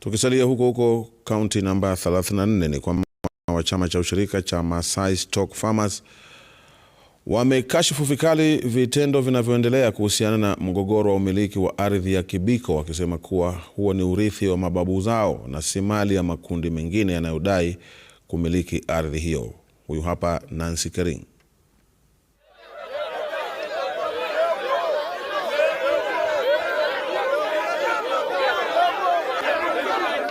Tukisalia huko huko kaunti namba 34 ni kwamba wa chama cha ushirika cha Masai Stock Farmers wamekashifu vikali vitendo vinavyoendelea kuhusiana na mgogoro wa umiliki wa ardhi ya Kibiko, wakisema kuwa huo ni urithi wa mababu zao na si mali ya makundi mengine yanayodai kumiliki ardhi hiyo. Huyu hapa Nancy Kering.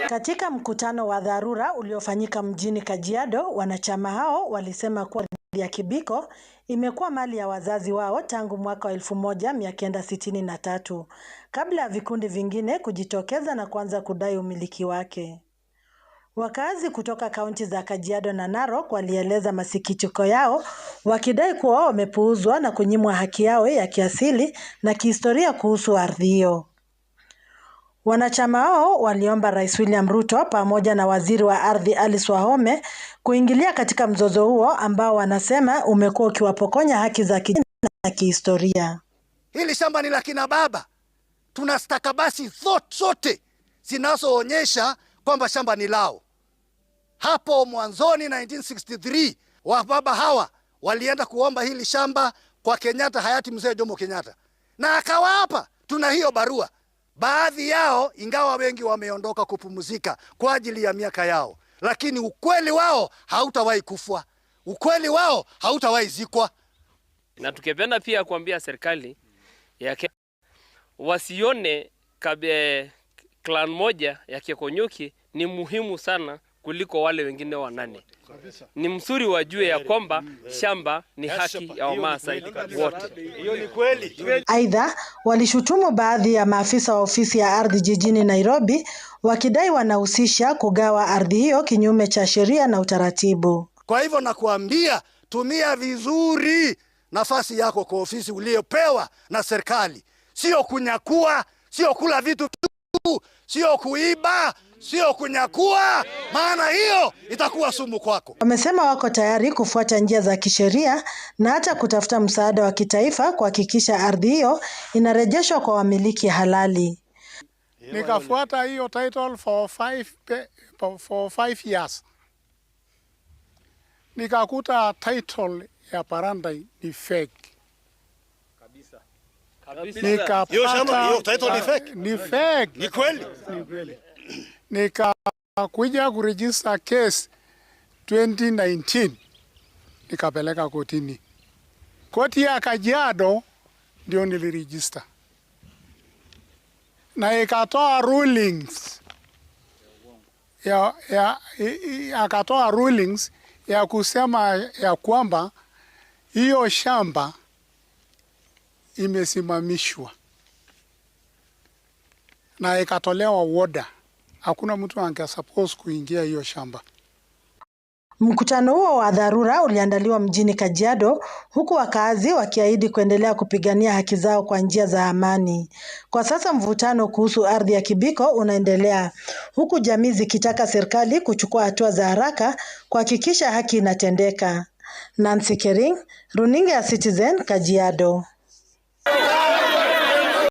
Katika mkutano wa dharura uliofanyika mjini Kajiado, wanachama hao walisema kuwa ya Kibiko imekuwa mali ya wazazi wao tangu mwaka wa 1963 kabla ya vikundi vingine kujitokeza na kuanza kudai umiliki wake. Wakazi kutoka kaunti za Kajiado na Narok walieleza masikitiko yao wakidai kuwa wamepuuzwa na kunyimwa haki yao ya kiasili na kihistoria kuhusu ardhi hiyo. Wanachama hao waliomba Rais William Ruto pamoja na Waziri wa Ardhi Alice Wahome kuingilia katika mzozo huo ambao wanasema umekuwa ukiwapokonya haki za kijamii na kihistoria. Hili shamba ni la kina baba. Tuna stakabasi zote zinazoonyesha kwamba shamba ni lao. Hapo mwanzoni 1963 wababa hawa walienda kuomba hili shamba kwa Kenyatta hayati mzee Jomo Kenyatta na akawaapa. Tuna hiyo barua. Baadhi yao ingawa wengi wameondoka kupumzika kwa ajili ya miaka yao, lakini ukweli wao hautawahi kufwa, ukweli wao hautawahi zikwa. Na tukipenda pia kuambia serikali ya yake wasione kabe, clan moja ya Kekonyuki ni muhimu sana kuliko wale wengine wanane. Ni mzuri wajue ya kwamba shamba ni haki ya Wamaasai wote. Aidha, walishutumu baadhi ya maafisa wa ofisi ya ardhi jijini Nairobi wakidai wanahusisha kugawa ardhi hiyo kinyume cha sheria na utaratibu. Kwa hivyo nakuambia, tumia vizuri nafasi yako kwa ofisi uliyopewa na serikali, sio kunyakua, sio kula vitu sio kuiba, sio kunyakua, maana hiyo itakuwa sumu kwako. Wamesema wako tayari kufuata njia za kisheria na hata kutafuta msaada wa kitaifa kuhakikisha ardhi hiyo inarejeshwa kwa wamiliki halali. Nikafuata hiyo title for five, for five years nikakuta title ya Parandai ni fake kabisa. Nikakuja kurejista case 2019 nikapeleka kotini. Koti ya Kajiado ndio nilirejista na ikatoa rulings ya, ya, akatoa rulings ya kusema ya kwamba hiyo shamba imesimamishwa na ikatolewa woda, hakuna mtu angesuppose kuingia hiyo shamba. Mkutano huo wa dharura uliandaliwa mjini Kajiado huku wakaazi wakiahidi kuendelea kupigania haki zao kwa njia za amani. Kwa sasa mvutano kuhusu ardhi ya Kibiko unaendelea huku jamii zikitaka serikali kuchukua hatua za haraka kuhakikisha haki inatendeka. Nancy Kering, Runinga ya Citizen, Kajiado. you.